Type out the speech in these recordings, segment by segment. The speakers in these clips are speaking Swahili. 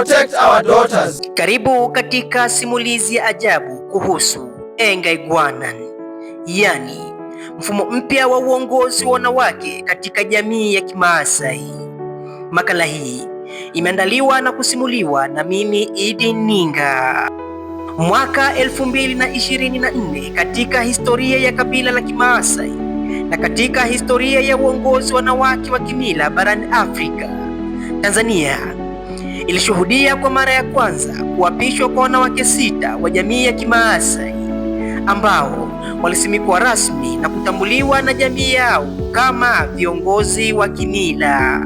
protect our daughters. Karibu katika simulizi ya ajabu kuhusu Gwanan, yani mfumo mpya wa uongozi wa wanawake katika jamii ya Kimaasai. Makala hii imeandaliwa na kusimuliwa na mimi Idi Ninga. Mwaka 2024 katika historia ya kabila la Kimaasai na katika historia ya uongozi wanawake wa kimila barani Afrika, Tanzania ilishuhudia kwa mara ya kwanza kuapishwa kwa wanawake sita wa jamii ya Kimaasai ambao walisimikwa rasmi na kutambuliwa na jamii yao kama viongozi wa kimila.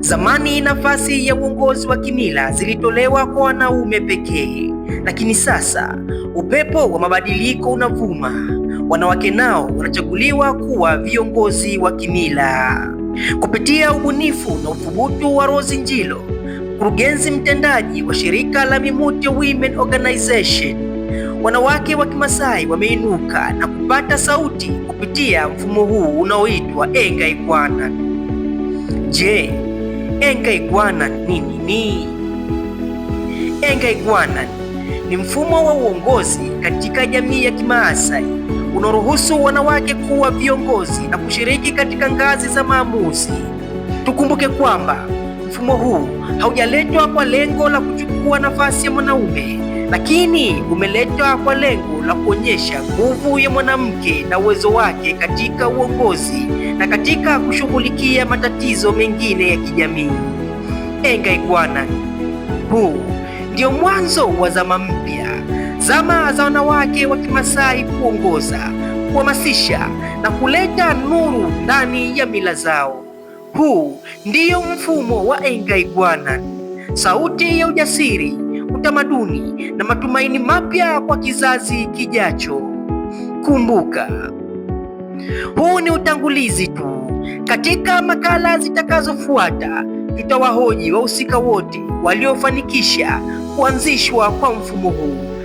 Zamani nafasi ya uongozi wa kimila zilitolewa kwa wanaume pekee, lakini sasa upepo wa mabadiliko unavuma. Wanawake nao wanachaguliwa kuwa viongozi wa kimila kupitia ubunifu na uthubutu wa Rose Njilo mkurugenzi mtendaji wa shirika la Mimute Women Organization, wanawake wa Kimasai wameinuka na kupata sauti kupitia mfumo huu unaoitwa Engaigwana. Je, Engaigwana ni nini? Engaigwana ni mfumo wa uongozi katika jamii ya Kimaasai unaoruhusu wanawake kuwa viongozi na kushiriki katika ngazi za maamuzi. Tukumbuke kwamba Mfumo huu haujaletwa kwa lengo la kuchukua nafasi ya mwanaume, lakini umeletwa kwa lengo la kuonyesha nguvu ya mwanamke na uwezo wake katika uongozi na katika kushughulikia matatizo mengine ya kijamii. Enga Ikwana, huu ndio mwanzo wa zama mpya, zama za wanawake wa Kimasai kuongoza, kuhamasisha na kuleta nuru ndani ya mila zao. Huu ndiyo mfumo wa Engai Bwana, sauti ya ujasiri, utamaduni na matumaini mapya kwa kizazi kijacho. Kumbuka, huu ni utangulizi tu. Katika makala zitakazofuata, tutawahoji wahusika wote waliofanikisha kuanzishwa kwa mfumo huu.